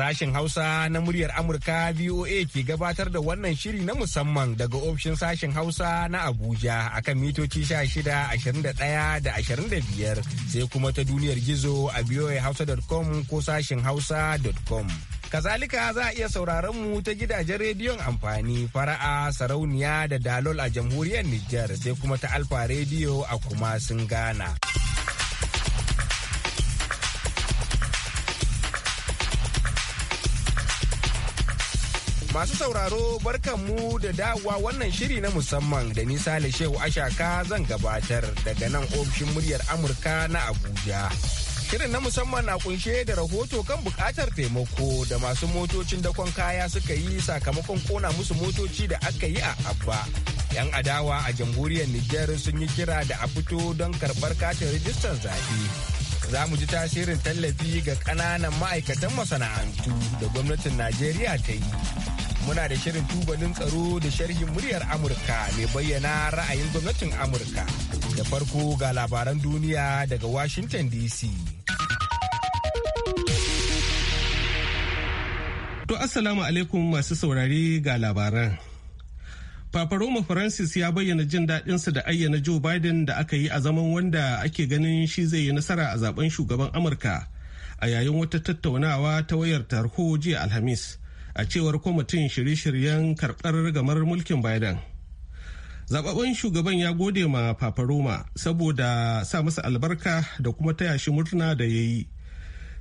Sashen Hausa na muryar Amurka VOA ke gabatar da wannan shiri na musamman daga ofishin sashen Hausa na Abuja akan mitoci 16, ashirin da da ashirin biyar sai kuma ta duniyar gizo a voahausa.com ko sashen hausa.com. Kazalika za a iya sauraron mu ta gidajen rediyon amfani fara'a sarauniya da dalol a jamhuriyar Nijar sai kuma ta Alfa rediyo a kuma sun Ghana. Masu sauraro barkanmu da dawowa wannan shiri na musamman da nisa da Shehu Ashaka zan gabatar daga nan ofishin muryar Amurka na Abuja. Shirin na musamman na kunshe da rahoto kan bukatar taimako da masu motocin dakon kaya suka yi sakamakon kona musu motoci da aka yi a Abba. 'Yan adawa a jamhuriyar Nijar sun yi kira da a fito don karbar katin rijistar zaɓe. za mu ji tasirin tallafi ga ƙananan ma'aikatan masana'antu da gwamnatin Najeriya ta yi. muna da shirin tubalin tsaro da sharhin muryar Amurka mai bayyana ra'ayin gwamnatin Amurka. Da farko ga labaran duniya daga Washington DC. To Assalamu alaikum masu saurare ga labaran. Papa Francis ya bayyana jin daɗinsa da ayyana Joe Biden da aka yi a zaman wanda ake ganin shi zai yi nasara a zaben shugaban Amurka a yayin wata tattaunawa ta wayar tarho jiya Alhamis. a cewar kwamitin shirye-shiryen karɓar gamar mulkin Biden. Zababben shugaban ya gode ma Paparoma saboda sa masa albarka da kuma taya shi murna da ya yi.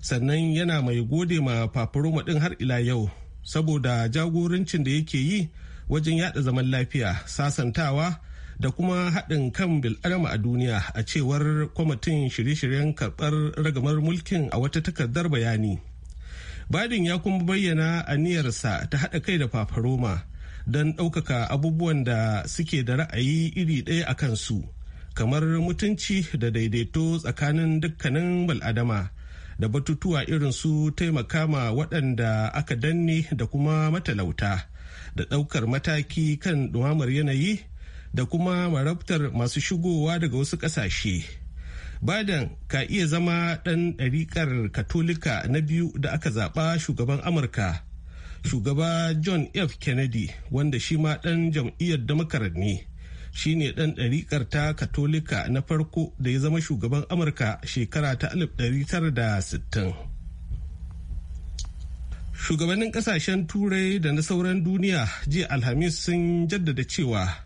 Sannan yana mai gode ma Paparoma ɗin har ila yau saboda jagorancin da yake yi wajen yada zaman lafiya, sasantawa da kuma haɗin kan bil'adama a duniya a cewar kwamitin shirye-shiryen karɓar ragamar mulkin a wata takardar bayani. Biden ya kuma bayyana aniyarsa ta haɗa kai da fafaroma don ɗaukaka abubuwan da suke da ra'ayi iri ɗaya a kansu, kamar mutunci da daidaito tsakanin dukkanin bal'adama da batutuwa irin su taimaka ma waɗanda aka danne da kuma matalauta da ɗaukar mataki kan ɗumamar yanayi da kuma marabtar masu shigowa daga wasu ƙasashe. Biden ka iya zama ɗan ɗariƙar Katolika na biyu da aka zaɓa shugaban Amurka. Shugaba John F. Kennedy wanda shi ma ɗan jam'iyyar Democrat ne. Shi ne ɗan ɗariƙar ta Katolika na farko da ya zama shugaban Amurka shekara ta 1960. Shugabannin ƙasashen Turai da na sauran duniya jiya Alhamis sun jaddada cewa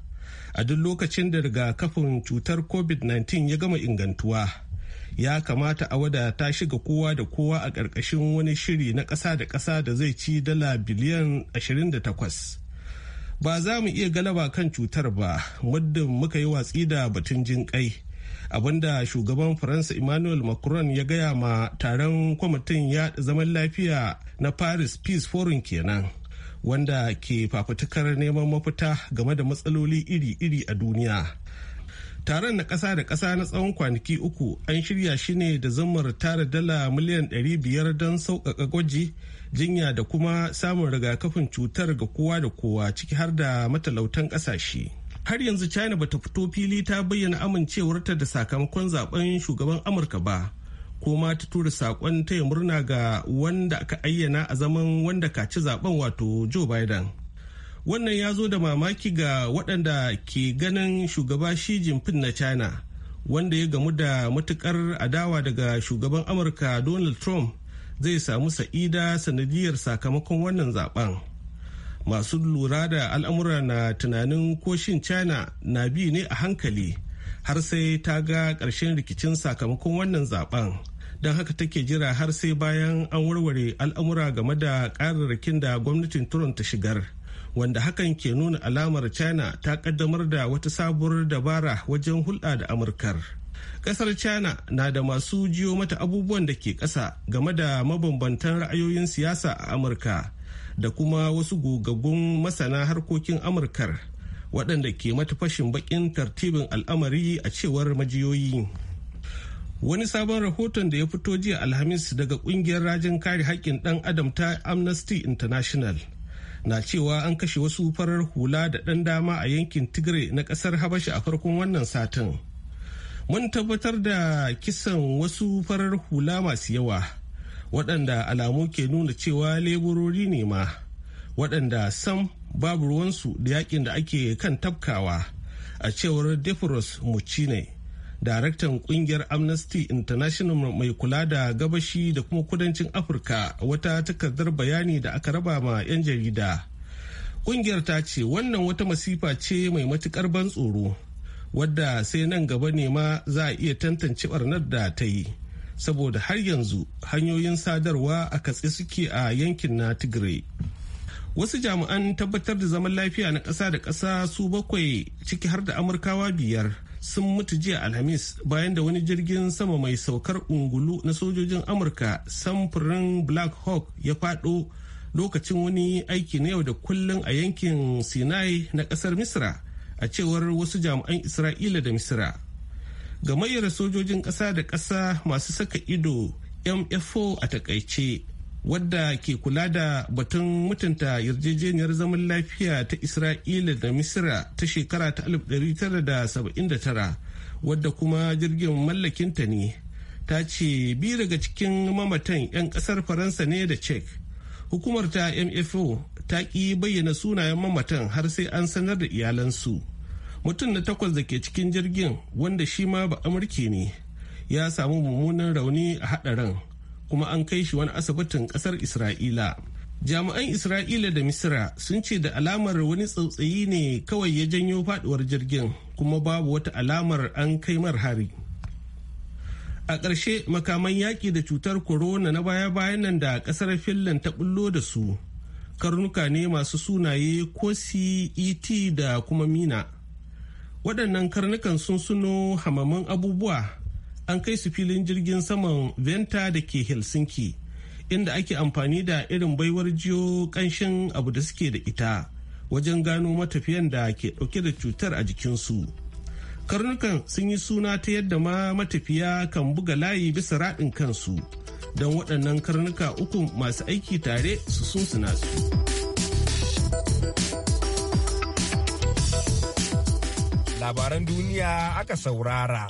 a duk lokacin da rigakafin cutar covid-19 ya gama ingantuwa ya kamata a wada ta shiga kowa da kowa a ƙarƙashin wani shiri na ƙasa da ƙasa da zai ci dala biliyan 28 ba za mu iya galaba kan cutar ba muddin muka yi watsi da batun jinƙai abinda shugaban faransa emmanuel macron ya gaya ma taron kwamitin yaɗa zaman lafiya na paris peace forum kenan. wanda ke fafutukar neman mafita game da matsaloli iri-iri a duniya. Taron na ƙasa da ƙasa na tsawon kwanaki uku an shirya shi ne da zumar tara dala miliyan 500 don sauƙaƙa gwaji, jinya da kuma samun rigakafin cutar ga kowa da kowa ciki har da matalautan ƙasashe. Har yanzu China bata fito fili ta bayyana amincewarta da sakamakon zaben shugaban Amurka ba. ko ma ta tura saƙon taya murna ga wanda aka ayyana a zaman wanda ka ci zaben wato Joe Biden. Wannan ya zo da mamaki ga waɗanda ke ganin shugaba shi jinfin na China, wanda ya gamu da matukar adawa daga shugaban Amurka Donald Trump zai samu sa'ida sanadiyar sakamakon wannan zaben. Masu lura da al'amura na tunanin koshin China na bi ne a hankali. har sai ta ga ƙarshen rikicin sakamakon wannan zaben don haka take jira har sai bayan an warware al'amura game da ƙararrakin da gwamnatin turon ta shigar wanda hakan ke nuna alamar china ta kaddamar da wata sabuwar dabara wajen hulɗa da amurkar ƙasar china na da masu jiyo mata abubuwan da ke ƙasa game da mabambantan ra'ayoyin siyasa a amurka da kuma wasu gogaggun masana harkokin amurkar waɗanda ke mata fashin baƙin tartibin al'amari a cewar majiyoyi wani sabon rahoton da ya fito jiya alhamis daga kungiyar rajin kare haƙƙin ɗan adam ta amnesty international na cewa an kashe wasu farar hula da ɗan dama a yankin tigray na ƙasar habasha a farkon wannan satin mun tabbatar da kisan wasu farar hula masu yawa waɗanda alamu ke nuna cewa leburori ne ma waɗanda sam babu ruwansu da yakin da ake kan tafkawa a cewar defros ne daraktan kungiyar amnesty international mai kula da gabashi da kuma kudancin afirka wata takardar bayani da aka raba ma 'yan jarida kungiyar ta ce wannan wata masifa ce mai matukar ban tsoro wadda sai nan gaba ne ma za a iya tantance barnar da ta yi saboda har yanzu hanyoyin sadarwa a katse suke a yankin na tigray wasu jami'an tabbatar da zaman lafiya na ƙasa da ƙasa su bakwai ciki har da amurkawa biyar sun mutu jiya alhamis bayan da wani jirgin sama mai saukar ungulu na sojojin amurka samfurin black hawk ya fado lokacin wani aiki na yau da kullun a yankin sinai na kasar misra a cewar wasu jami'an isra'ila da misra gamayyar sojojin ƙasa da ƙasa masu saka ido mfo a takaice wadda ke kula da batun mutunta yarjejeniyar zaman lafiya ta isra'ila da misira ta shekara ta 1979 wadda kuma jirgin mallakinta ne ta ce biyu daga cikin mamatan 'yan kasar faransa ne da cek hukumar ta mfo ta ƙi bayyana sunayen mamatan har sai an sanar da iyalansu mutum na takwas da ke cikin jirgin wanda shi ma ba amurki ne ya samu mummunan rauni a haɗarin kuma an kai shi wani asibitin kasar isra'ila jami'an isra'ila da misira sun ce da alamar wani tsautsayi ne kawai ya janyo faduwar jirgin kuma babu wata alamar an kai mar hari a ƙarshe makaman yaƙi da cutar korona na baya-bayan nan da ƙasar finland ta bullo da su karnuka ne masu sunaye ko cet da kuma mina waɗannan karnukan sun suno hamamin abubuwa an kai su filin jirgin saman venta da ke helsinki inda ake amfani da irin baiwar jiyo kanshin abu da suke da ita wajen gano matafiyan da ke dauke da cutar a jikinsu karnukan sun yi suna ta yadda ma matafiya kan buga layi bisa raɗin kansu don waɗannan karnuka uku masu aiki tare su sunsuna su labaran duniya aka saurara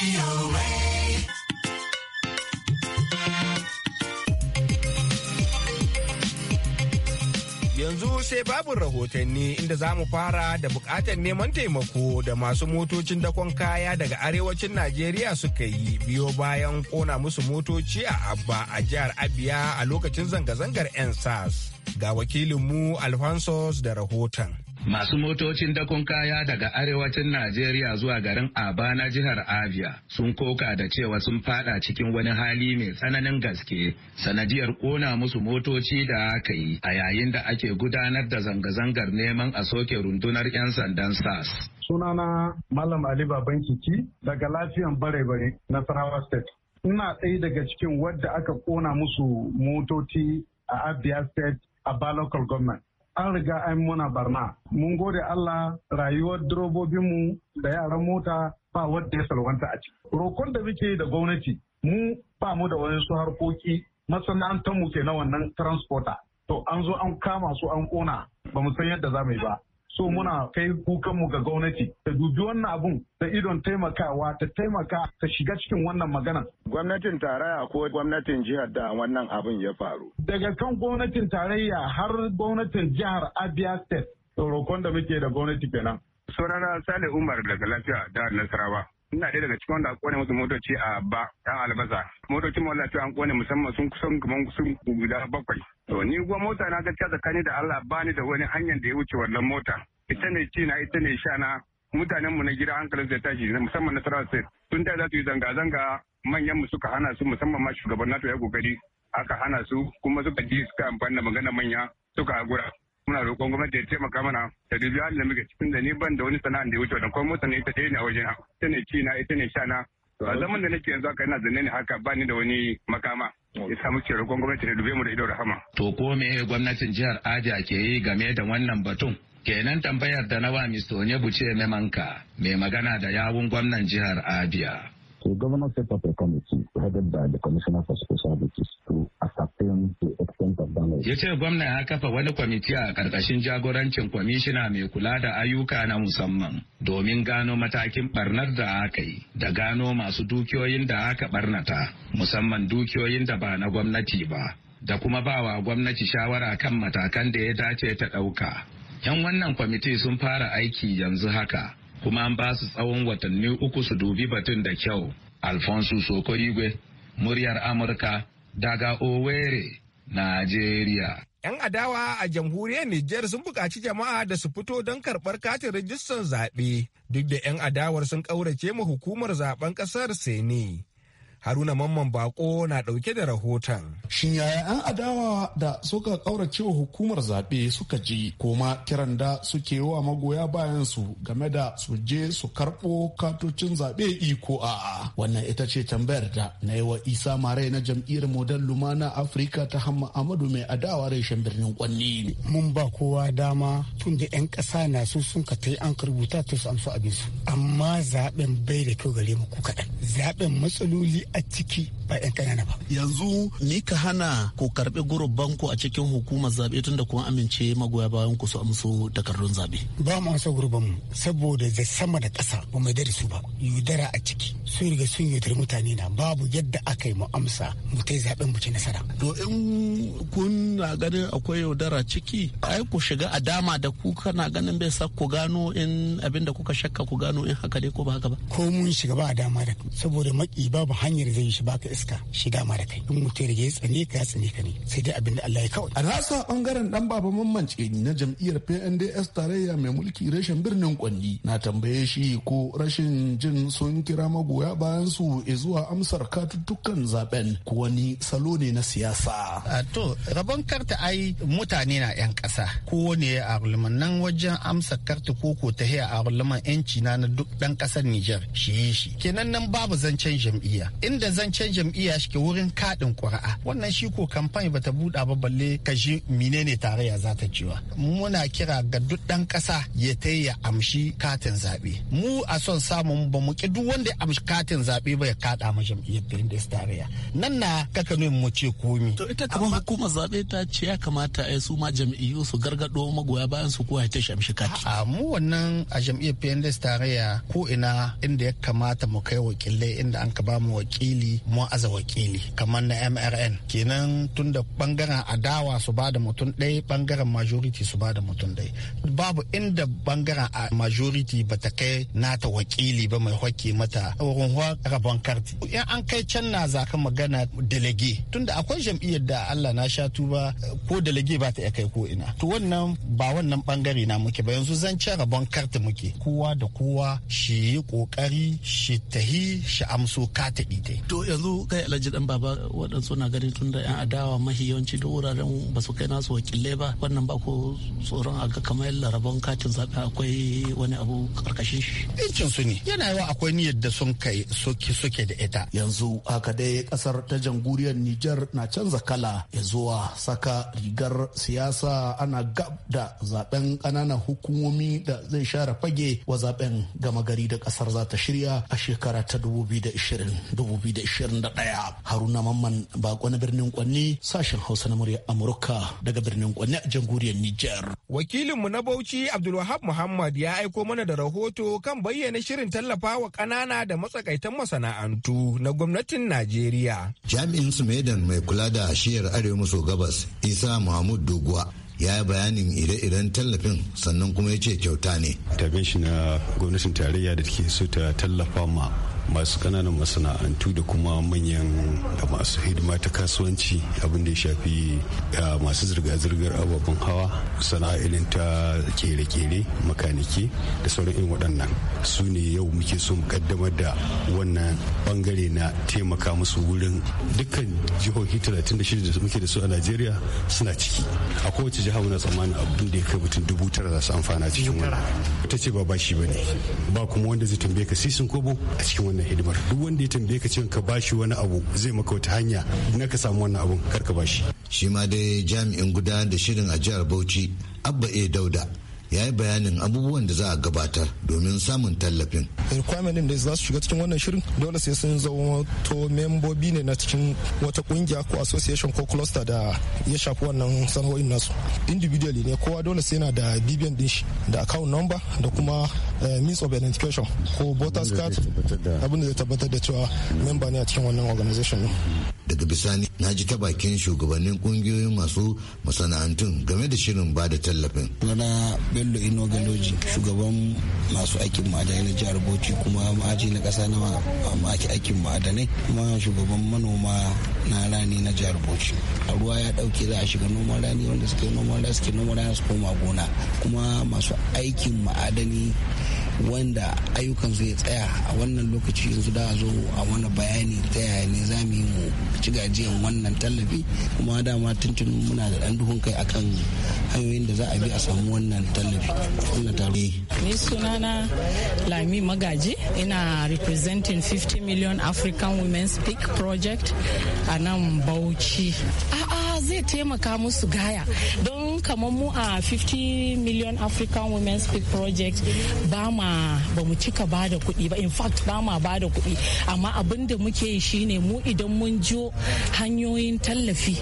Yanzu sai babu rahotanni inda za mu fara da bukatar neman taimako da masu motocin dakon kaya daga arewacin Najeriya suka yi biyo bayan kona musu motoci a Abba a jihar Abia a lokacin zanga-zangar 'yan SARS. Ga wakilinmu Alphonsus da rahoton. Masu motocin dakon kaya daga arewacin Najeriya zuwa garin Aba na jihar Abia sun koka da cewa sun fada cikin wani hali mai tsananin gaske sanadiyar kona musu motoci da aka yi a yayin da ake gudanar da zanga-zangar neman a soke rundunar 'yan sandan SAS. Sunana Malam Ali Babankiki daga lafiyan bare-bare na Sarawa State. Ina tsaye daga cikin wadda aka kona musu motoci a Abia State a local Government. an riga an muna barna mun gode Allah rayuwar durobobinmu da yaran mota ba wanda ya salwanta a ciki rokon da muke da gwamnati mu ba mu da wani su harkoki masana'antar mu ke na wannan transporter to an zo an kama su an kona ba mu san yadda za mu yi ba so hmm. muna kai kukanmu ga gwamnati ta dubi wannan abun da idon taimakawa ta taimaka ta shiga cikin wannan magana. Gwamnatin tarayya ko gwamnatin jihar da wannan abin ya faru. Daga kan gwamnatin tarayya har gwamnatin jihar Abia State. da muke da gwamnati kenan. Sunana Sale Umar daga lafiya da Nasarawa. ina ɗaya daga cikin wanda a kone musu motoci a ba ɗan albasa motocin mu lafiya an kone musamman sun kusan kaman sun guda bakwai to ni kuma mota na gaskiya tsakani da Allah ba ni da wani hanyar da ya wuce wannan mota ita ne ci na ita ne sha na mutanen mu na gida hankalin zai tashi musamman na State tun da za su yi zanga-zanga manyan mu suka hana su musamman ma shugaban NATO ya kokari aka hana su kuma suka ji suka amfani da magana manya suka agura muna roƙon gwamnati ya taimaka mana da dubi halin da muke cikin da ni ban da wani sana'a da ya wuce wannan kuma mutane ita ne a na ita ne ci na ita ne sha na to a zaman da nake yanzu haka ina zanne ne haka ba ni da wani makama ya samu ce roƙon gwamnati ta dube mu da ido rahama. to ko me gwamnatin jihar Aja ke yi game da wannan batun? Kenan tambayar da na wa Mr. Onyebuchi manka mai magana da yawun gwamnan jihar Abia. So governor set up a committee headed by the Commissioner for duties to ascertain the extent of damage. Ya ce gwamna ya kafa wani kwamiti a ƙarƙashin jagorancin kwamishina mai kula da ayyuka na musamman domin gano matakin barnar da aka yi da gano masu dukiyoyin da aka barnata musamman dukiyoyin da ba na gwamnati ba da kuma bawa gwamnati shawara kan matakan da ya dace ta ɗauka. 'Yan wannan kwamiti sun fara aiki yanzu haka. kuma an ba su tsawon watanni uku su dubi batun da kyau. Alfonso Sokorigwe, muryar Amurka daga Owerri, Najeriya. 'Yan adawa a jamhuriyar Nijar sun buƙaci jama'a da su fito don karɓar katin rijistar zaɓe duk da 'yan adawar sun ƙaurace ma hukumar zaben ƙasar Sene. Haruna Mamman Bako na ɗauke da rahoton. Shin yaya an adawa da suka ƙauracewa hukumar zaɓe suka ji koma kiran da suke wa magoya bayan su game da su je su karɓo katocin zaɓe iko a Wannan ita ce tambayar da na yi wa Isa Marai na jam'iyyar Model Lumana Afirka ta Hamma Amadu mai adawa reshen birnin Kwanni. Mun ba kowa dama tun da 'yan ƙasa na su sun ka ta an karbuta ta su amsa abinsu. Amma zaɓen bai da kyau gare mu ku kaɗan. Zaɓen matsaloli a ciki ba 'yan kanana ba. Yanzu ni ka hana ko karɓi gurubban ku a cikin hukumar zaɓe tun da kuma amince magoya bayan ku su amsu takardun zaɓe. Ba mu amsa gurubban mu saboda da sama da ƙasa ba mai dare su ba yudara a ciki sun riga sun yudar mutane na babu yadda aka yi mu amsa mu ta zaɓen mu ci nasara. To in kun na ganin akwai yaudara ciki ai ku shiga a dama da ku kana ganin bai sa ku gano in abin da kuka shakka ku gano in haka dai ko ba haka ba. Ko mun shiga ba a dama da saboda maki babu hanya hanyar zai yi shi baka iska shi dama da kai in mutum ya tsane ka ka ne sai dai abin da Allah ya kawai. A rasa bangaren dan baba mamman ni na jam'iyyar PNDS tarayya mai mulki rashin birnin Kwanni na tambaye shi ko rashin jin sun kira magoya bayan su zuwa amsar katuttukan zaben ko wani salo ne na siyasa. To rabon karta ai mutane na 'yan ƙasa kowane a nan wajen amsa karta koko ta haya a 'yanci na duk ɗan kasar Nijar shi shi kenan nan babu zancen jam'iyya inda zancen jam'iyya shi ke wurin kaɗin ƙuri'a wannan shi ko kamfani ta buɗa ba balle ka ji menene tarayya za ta ciwa muna kira ga duk ɗan ƙasa ya ta ya amshi katin zaɓe mu a son samun ba mu ki duk wanda ya amshi katin zaɓe ba ya kaɗa ma jam'iyyar pnds tarayya nan na kaka mu ce komi. to ita kamar hukumar zaɓe ta ce ya kamata a su ma jam'iyyu su gargaɗo magoya bayan su kowa ya ta shamshi kati. a mu wannan a jam'iyyar pnds tarayya ko ina inda ya kamata mu kai wakilai inda an ka ba mu wakilai wakili mu aza wakili kamar na mrn kenan tun da bangaren adawa su ba da mutum ɗaya bangaren majority su ba da mutum ɗaya babu inda bangaren a majority ba ta kai nata wakili ba mai hwake mata wurin rabon karti in an kai can na zaka magana delege tun da akwai jam'iyyar da allah na sha tuba ko delege ba ta iya kai ko ina to wannan ba wannan bangare na muke ba yanzu zancen rabon karti muke kowa da kowa shi yi kokari shi tahi shi amso ka taɗi ta To yanzu kai alhaji dan baba waɗansu na ganin tun da 'yan adawa mahi yawanci duk wuraren ba su kai nasu wakilai ba wannan ba ko tsoron a ga kamar laraban katin zaɓe akwai wani abu karkashin shi. Incin su ne yana yawa akwai niyyar da sun kai soke soke da ita. Yanzu haka dai kasar ta jamhuriyar Nijar na canza kala ya zuwa saka rigar siyasa ana gab da zaben ƙananan hukumomi da zai share fage wa zaben gama gari da ƙasar za ta shirya a shekara ta 2020 2021 haruna mamman bako na birnin kwanni sashen hausa na murya amurka daga birnin kwanni a jamhuriyar niger wakilinmu na bauchi abdulwahab muhammad ya aiko mana da rahoto kan bayyana shirin tallafa wa ƙanana da matsakaitan masana'antu na gwamnatin najeriya jami'in sumedan mai kula da shiyar arewa maso gabas isa mahmud doguwa ya yi bayanin ire-iren tallafin sannan kuma ya ce kyauta ne. Tabin shi na gwamnatin tarayya da take so ta tallafa ma masu kananan masana'antu da kuma manyan da masu hidima ta kasuwanci abin da ya shafi masu zirga-zirgar ababen hawa sana'a ta kere-kere makaniki da sauran irin waɗannan su ne yau muke so mu kaddamar da wannan bangare na taimaka musu wurin dukkan jihohi 36 da muke da su a najeriya suna ciki a kowace jiha muna tsammanin abin da ya kai mutum dubu tara za su amfana cikin wannan ta ce ba bashi ba ne ba kuma wanda zai tambaye ka sisin kobo a cikin wannan wannan hidimar duk wanda ya tambaye ka cewa ka bashi wani abu zai maka wata hanya na ka samu wannan abun kar ka bashi shi ma dai jami'in guda da shirin a jihar Bauchi Abba A Dauda ya yi bayanin abubuwan da za a gabatar domin samun tallafin. requirement din da za su shiga cikin wannan shirin dole sai sun zama to membobi ne na cikin wata kungiya ko association ko cluster da ya shafi wannan sana'o'in nasu individually ne kowa dole sai yana da bibiyan din shi da account number da kuma Eh, means of identification ko voters card abin zai tabbatar da cewa memba ne a cikin wannan organization ne. daga bisani na ji ta bakin shugabannin kungiyoyin masu masana'antun game da shirin ba da tallafin rana bello ino galoji shugaban masu aikin ma'adanai na jihar bauchi kuma ma'aji na kasa na ma'aki aikin ma'adanai kuma shugaban manoma na rani na jihar bauchi ruwa ya dauke za a shiga noman rani wanda suke noman rani suke noman rani su koma gona kuma masu aikin ma'adani wanda ayyukan zai tsaya a wannan lokaci yanzu da zo a wani bayani ta yaya ne za mu yi mu ci gajiyan wannan tallafi kuma dama tuntun muna da ɗan duhun kai akan hanyoyin da za a bi a samu wannan tallafi wannan taro ni sunana lami magaji ina representing 50 million african women speak project a nan bauchi ah kuma zai taimaka musu gaya don kamar mu a 50 million african women's speak project ba ma ba mu cika ba da kuɗi ba in fact ba ma ba da kuɗi amma abin da muke yi shine mu idan mun jo hanyoyin tallafi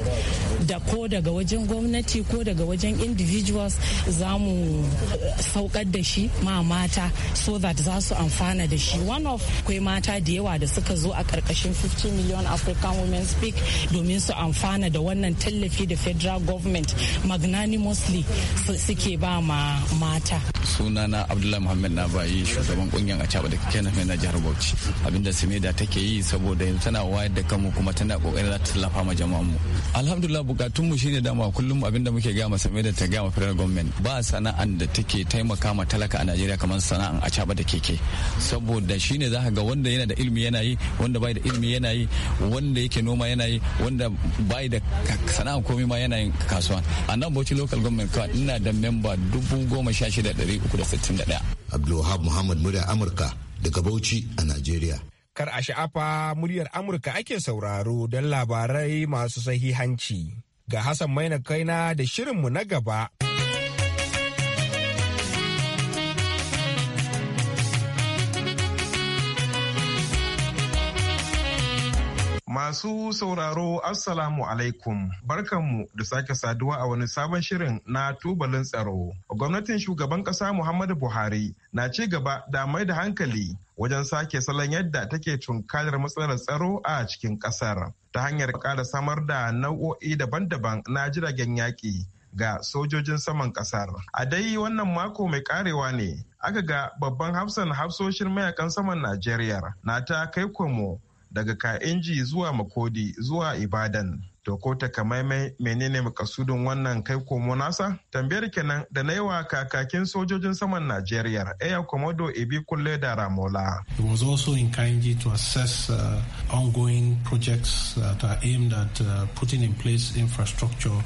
da ko daga wajen gwamnati ko daga wajen individuals za mu eh, saukar da shi ma mata so that za su amfana da shi one of akwai mata da yawa da suka zo a karkashin 50 million african women speak domin su amfana da wannan tallafi da federal government magnanimously suke ba ma mata sunana abdullahi muhammad na bayi shugaban kungiyar caba da kenan na jihar bauchi abinda simeda take yi saboda yanzu tana wayar da kanmu kuma tana kokarin za ta tallafa ma jama'an mu alhamdulillah bukatun mu shine dama kullum abinda muke gama masamai da ta gama ma federal government ba sana'an da take taimaka ma talaka a najeriya kamar sana'an caba da keke saboda shine za ka ga wanda yana da ilimi yana yi wanda bai da ilimi yana yi wanda yake noma yana yi wanda bai da sana'an komai ma yana yin kasuwa a nan bauchi local government ka ina da memba dubu goma sha shida da 361. Abdulwahab Muhammad murya Amurka daga Bauchi a Najeriya. Kar a sha'afa muryar Amurka ake sauraro don labarai masu sahihanci. Ga Hassan Maina Kaina da shirinmu na gaba. Masu sauraro Assalamu alaikum barkanmu da sake saduwa a wani sabon shirin na tubalin tsaro. Gwamnatin shugaban ƙasa Muhammadu Buhari na ci gaba da mai da hankali wajen sake salon yadda take tunkarar matsalar tsaro a cikin ƙasar ta hanyar ƙara samar da nau'o'i daban-daban na jiragen yaƙi ga sojojin saman ƙasar. A dai wannan mako mai karewa ne aka ga babban hafsan hafsoshin mayakan saman Najeriya na ta kai komo daga Ka'inji zuwa Makodi zuwa Ibadan. To ko takamaimai menene makasudin wannan kai komo nasa? Tambayar kenan da na yawa kakakin sojojin saman Najeriya Air Komodo Ebi Kulle da Ramola. It was also in kind to assess uh, ongoing projects uh, that are aimed at uh, putting in place infrastructure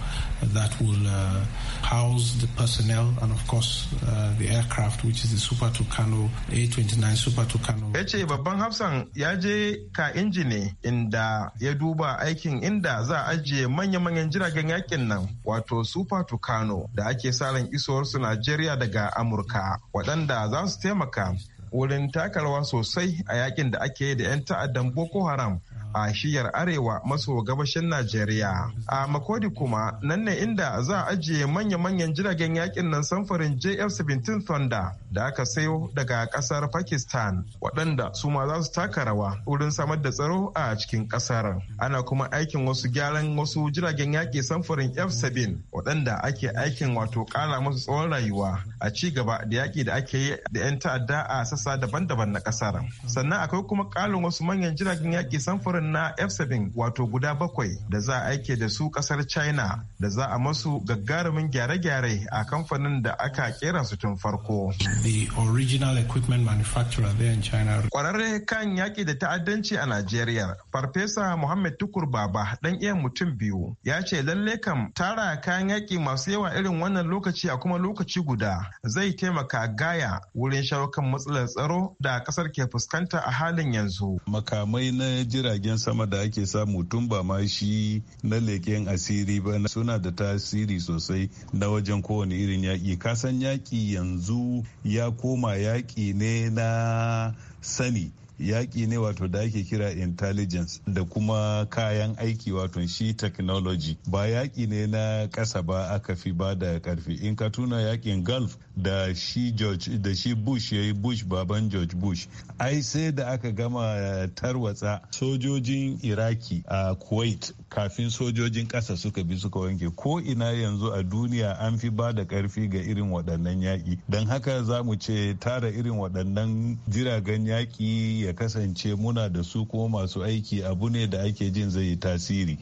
that will uh, house the personnel and of course uh, the aircraft which is the Super Tucano A29 Super Tucano. Ya babban hafsan yaje ka inji ne inda ya duba aikin inda za a ajiye manya-manyan jiragen yakin nan wato Super Tucano da ake isowar isowarsu Najeriya daga Amurka waɗanda za su taimaka wurin takarwa sosai a yakin da ake yi da 'yan ta'addan Boko Haram a shiyar arewa maso gabashin Najeriya. A Makodi kuma nan ne inda za a ajiye manya-manyan jiragen yakin nan samfurin JF-17 Thunder da aka sayo daga kasar Pakistan waɗanda su ma za su taka rawa wurin samar da tsaro a cikin kasar. Ana kuma aikin wasu gyaran wasu jiragen yaƙi samfurin F-7 waɗanda ake aikin wato ƙala masu tsawon rayuwa a ci gaba da yaƙi da ake yi da 'yan ta'adda a sassa daban-daban na ƙasar. Sannan akwai kuma ƙalin wasu manyan jiragen yaƙi samfurin nan na F7 wato guda bakwai da za a aike da su kasar China da za a masu gagarumin gyare-gyare a kamfanin da aka kera su tun farko. The original equipment manufacturer there in China. Kwararre kan yaƙi da ta'addanci a Najeriya, Farfesa Muhammad Tukur Baba dan iya mutum biyu ya ce lalle kam tara kayan yaƙi masu yawa irin wannan lokaci a kuma lokaci guda zai taimaka gaya wurin shawo kan matsalar tsaro da ƙasar ke fuskanta a halin yanzu. Makamai na jiragen jiragen sama da ake samu tun ba ma shi na leƙen asiri ba suna da tasiri sosai na wajen kowane irin yaƙi kasan yaƙi yanzu ya koma yaƙi ne na sani yaƙi ne wato da ake kira intelligence da kuma kayan aiki wato shi technology ba yaƙi ne na ƙasa ba aka fi ba da ƙarfi in ka tuna yaƙin gulf da shi george da shi bush ya yi bush baban george bush ai sai da aka gama tarwatsa sojojin iraki a kuwait kafin sojojin ƙasa suka bi suka wanke ko ina yanzu a duniya an fi ba da ƙarfi ga irin waɗannan yaƙi don haka za mu ce tara irin waɗannan jiragen yaƙi ya kasance muna da su ko masu aiki abu ne da ake jin zai yi tasiri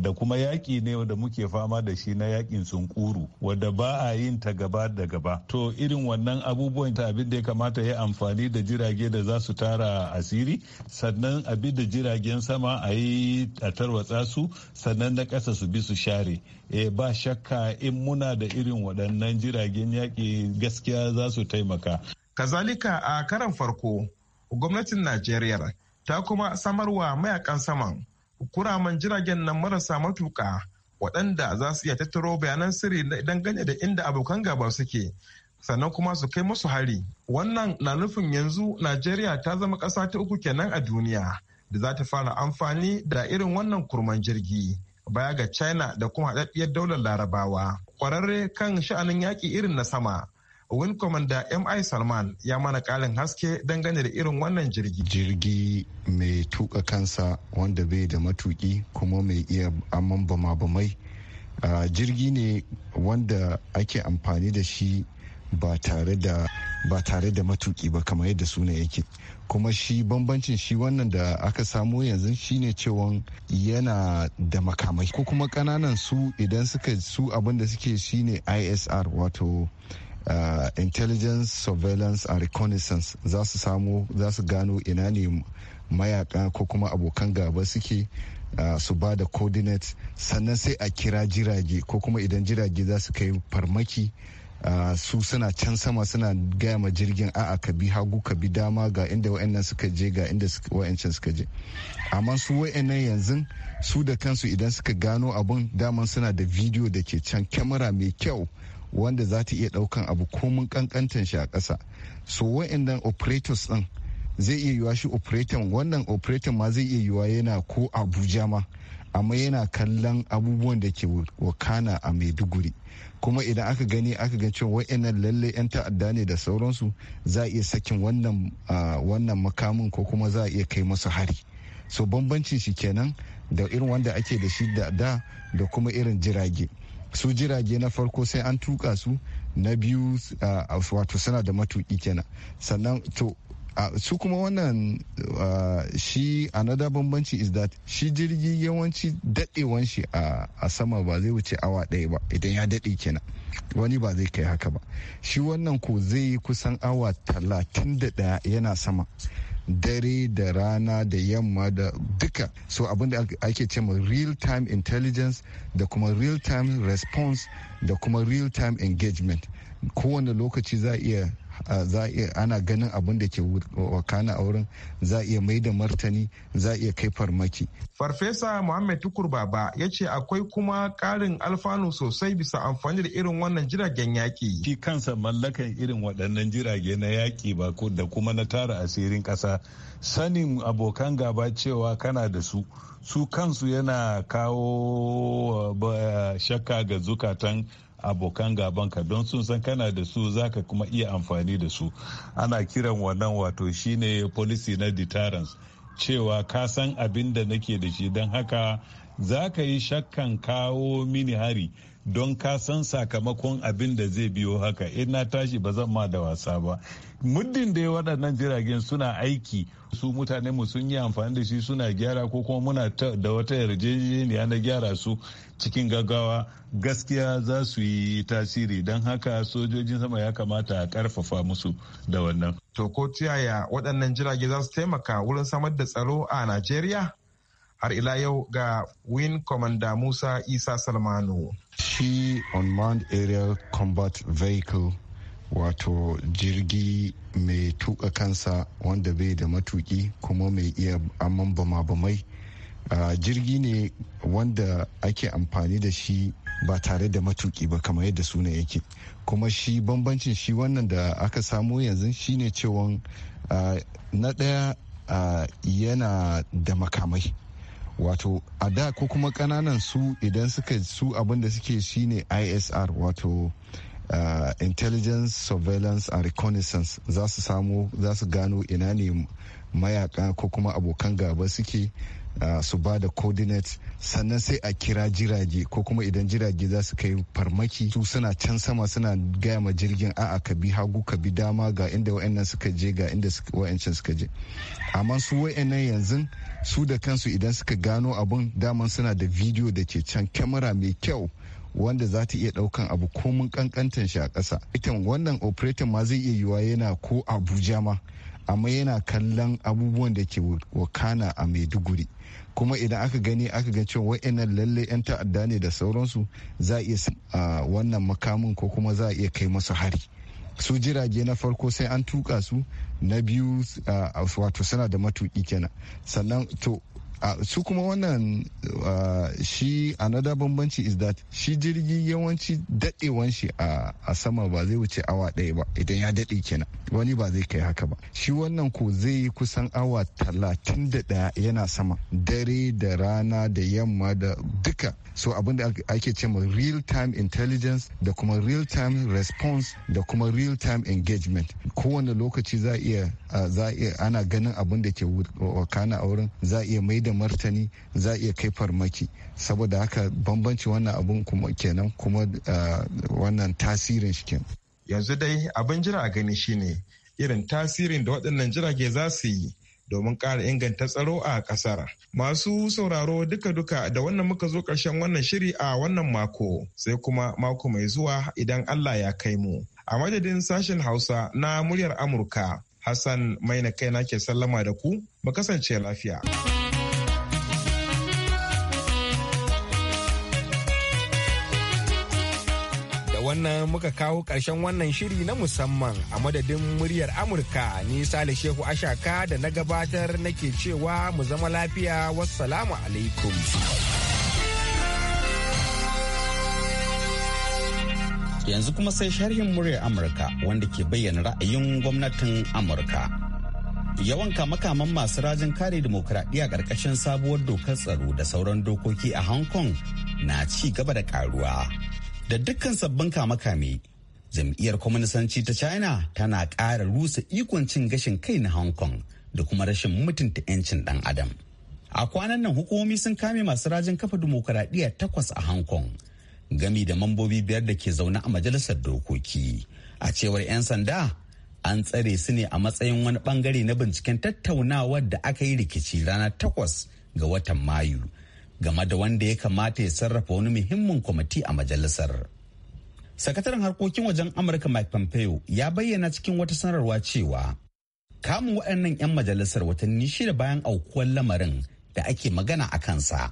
da kuma yaƙi ne da muke fama da shi na yaƙin sunkuru wadda ba a yin ta gaba da gaba to irin wannan abubuwan ta abin da ya kamata ya amfani da jirage da za su tara asiri sannan abin da jiragen sama a yi a tarwatsa su sannan na ƙasa su bi su share e, ba shakka in muna da irin waɗannan jiragen yaƙi gaskiya za su taimaka kazalika a karan farko gwamnatin najeriya ta kuma samarwa mayakan saman kuraman jiragen nan marasa matuƙa waɗanda za su iya tattaro bayanan sirri dangane da inda abokan gaba suke sannan kuma su kai musu hari wannan na nufin yanzu najeriya ta zama ƙasa ta uku kenan a duniya da za ta fara amfani da irin wannan kurman jirgi baya ga china da kuma haɗaɗɗiyar daular larabawa ƙwararre kan sha'anin yaƙi irin na sama Wing Commander MI Salman ya mana kalin haske dangane da irin wannan jirgi. Jirgi mai tuka kansa wanda bai da matuki kuma mai iya amman bama-bamai. jirgi ne wanda ake amfani da shi ba tare da ba matuki ba kamar yadda suna yake kuma shi bambancin shi wannan da aka samo yanzu shine cewa yana da makamai ko kuma kananan su idan suka su abin da suke shine isr wato uh, intelligence surveillance and reconnaissance za su samu za su gano ina ne mayaka ko kuma abokan gaba suke uh, su ba da coordinates sannan sai a kira jirage ko kuma idan jirage za su kai farmaki Uh, su suna can sama suna gaya ma jirgin a'a ka bi hagu kabi dama ga inda wa'annan suka je ga inda wa'ancan suka je amma su wa'annan yanzu su da kansu idan suka gano abun daman suna da video da ke can kyamara mai kyau wanda za ta iya daukan abu komun kankantan shi a ƙasa so wa'annan operators ɗin zai iya yiwa shi operator wannan operator ma zai iya yiwa yana ko abuja ma amma yana kallon abubuwan da ke wakana a maiduguri kuma idan aka gani aka gan cewa wa'annan lalle 'yan ta'adda ne da sauransu za a iya sakin wannan makamin ko kuma za a iya kai masu hari so bambancin shi kenan da irin wanda ake da shi da da da kuma irin jirage su jirage na farko sai an tuka su na biyu wato suna da matuki kenan sannan to su kuma wannan shi another bambanci is that shi jirgi yawanci daɗewan shi a sama ba zai wuce awa ɗaya ba idan ya dade kenan wani ba zai kai haka ba shi wannan ko zai yi kusan awa talatin da ɗaya yana sama dare da rana da yamma da duka so abinda ake cewa real time intelligence da kuma real time response da kuma real time engagement kowane lokaci za a iya ana ganin abin da ke wakana a wurin za a iya mai da martani za a iya kai farmaki. farfesa muhammed tukur baba ya ce akwai kuma karin alfanu sosai bisa amfani da irin wannan jiragen yaƙi. shi kansa mallakan irin waɗannan jirage na yaƙi ba da kuma na tara asirin ƙasa sanin abokan gaba cewa kana da su su kansu yana kawo shakka ga zukatan abokan gabanka don sun san kana da su zaka kuma iya amfani da su ana kiran wannan wato shine policy na deterrence cewa ka san abin da nake da shi don haka za ka yi shakkan kawo mini hari don ka san sakamakon abin da zai biyo haka in na tashi ba zan ma da wasa ba muddin da ya waɗannan jiragen suna aiki su mutane mu sun yi amfani da shi suna gyara ko kuma muna da wata yarjejeniya na gyara su cikin gaggawa gaskiya za su yi tasiri don haka sojojin sama ya kamata a karfafa musu da wannan to ko ta yaya waɗannan jirage za su taimaka wurin samar da tsaro a najeriya har ila yau ga win commander musa isa salmanu shi unmanned aerial combat vehicle wato jirgi mai tuka kansa wanda bai da matuki kuma mai iya amman bama-bamai uh, jirgi ne wanda ake amfani da shi ba tare da matuki ba kamar yadda suna yake kuma shi bambancin shi wannan da aka samu yanzu shine cewa uh, na ɗaya uh, yana da makamai wato a da ko kuma kananan su idan suka su abinda da suke ne isr wato uh, intelligence surveillance and reconnaissance za su samu za su gano ina ne mayaka ko kuma abokan gaba suke Uh, su ba da coordinates sannan sai a kira jirage ko kuma idan jirage za su kai farmaki su suna can sama suna gaya ma jirgin a'a ka bi hagu ka bi dama ga inda wa'annan suka je ga inda wa'ancan suka je amma su wa'annan yanzu su da kansu idan suka gano abun daman suna da video da ke can kyamara mai kyau wanda za ta iya daukan abu komun kankantan shi a ƙasa. ita wannan operator ma zai iya yiwa yana ko abuja ma amma yana kallon abubuwan da ke wakana a maiduguri kuma idan aka gani aka ga cewa wa'annan lalle 'yan ta'adda ne da sauransu za a iya wannan makamin ko kuma za a iya kai masu hari su jirage na farko sai an tuka su na biyu wato suna da matuki kenan sannan to su kuma wannan shi another bambanci is that shi jirgi yawanci dadewan shi a sama ba zai wuce awa daya ba idan ya dade kenan wani ba zai kai haka ba shi wannan ko zai yi kusan awa talatin da daya yana sama dare da rana da yamma da duka so abin da ake ce real time intelligence da kuma real time response da kuma real time engagement kowane lokaci za a iya ana ganin abin da ke wakana a wurin za a iya maida da martani za iya kai farmaki saboda haka bambanci wannan abun kuma kenan kuma wannan tasirin shi yanzu dai abin jira a gani shine irin tasirin da waɗannan jirage za su yi domin ƙara inganta tsaro a ƙasar. Masu sauraro duka-duka da wannan muka zo ƙarshen wannan shiri a wannan mako sai kuma mako mai zuwa idan Allah ya kai mu. A madadin sashen Hausa na muryar Amurka, Hassan kai na ke sallama da ku, mu kasance lafiya. wannan muka kawo ƙarshen wannan shiri na musamman a madadin muryar Amurka ni Sale Shehu Ashaka da na gabatar nake cewa mu zama lafiya wassalamu alaikum. Yanzu kuma sai sharhin muryar Amurka wanda ke bayyana ra'ayin gwamnatin Amurka. Yawan kama-kaman masu rajin kare dimokuraɗiyya ƙarƙashin sabuwar dokar tsaro da sauran dokoki a Hong Kong na ci gaba da ƙaruwa. da dukkan sabbin kame-kame jam'iyyar kwaminisanci ta china tana ƙara rusa ikon cin gashin kai na hong kong da kuma rashin mutunta 'yancin ɗan adam a kwanan nan hukumomi sun kame masu rajin kafa dimokuraɗiyya takwas a hong kong gami da mambobi biyar da ke zaune a majalisar dokoki a cewar 'yan sanda an tsare su ne a matsayin wani bangare na binciken tattaunawar da aka yi rikici ranar takwas ga watan mayu game da wanda ya kamata ya sarrafa wani muhimmin kwamiti a majalisar. Sakataren harkokin wajen Amurka Mike Pompeo ya bayyana cikin wata sanarwa cewa kamun waɗannan 'yan majalisar watanni shida bayan aukuwar lamarin da ake magana a kansa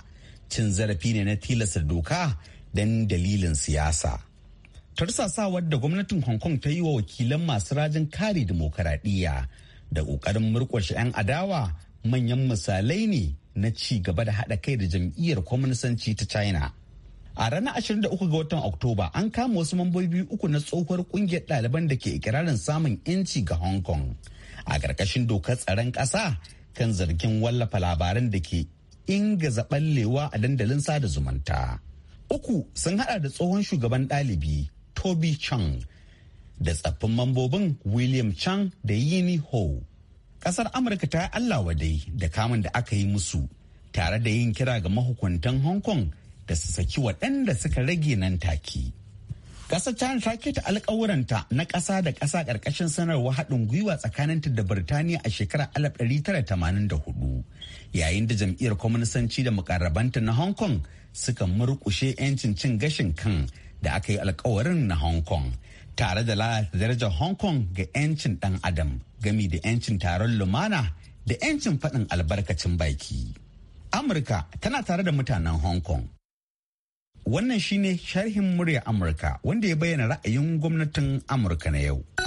cin zarafi ne na tilasta doka don dalilin siyasa. Tarsasawar da gwamnatin Hong Kong ta yi wa wakilan masu rajin kare da ƙoƙarin murƙushe 'yan adawa manyan misalai ne na ci gaba da haɗa kai da jam'iyyar kwamnisanci ta china a ranar 23 ga watan oktoba an kama wasu mambobi uku na tsohuwar kungiyar ɗaliban da ke ikirarin samun 'yanci ga hong kong a ƙarƙashin dokar tsaron ƙasa kan zargin wallafa labaran da ke inga ɓallewa a dandalin sada zumunta uku sun haɗa da tsohon shugaban ɗalibi toby chang da tsaffin mambobin william chang da yini ho Kasar Amurka ta yi Allah wadai da kamun da aka yi musu tare da yin kira ga mahukuntan Hong Kong da su saki waɗanda suka rage nan take. Kasar China ta keta alkawuranta na ƙasa da ƙasa ƙarƙashin sanarwa haɗin gwiwa tsakaninta da Birtaniya a shekarar hudu yayin da jam'iyyar kwamnisanci da mukarrabanta na Hong Kong suka murƙushe 'yancin cin gashin kan da aka yi alkawarin na Hong Kong tare da darajar hong kong ga 'yancin ɗan adam gami da 'yancin taron lumana da 'yancin faɗin albarkacin baki amurka tana tare da mutanen hong kong wannan shine sharhin murya amurka wanda ya bayyana ra'ayin gwamnatin amurka na yau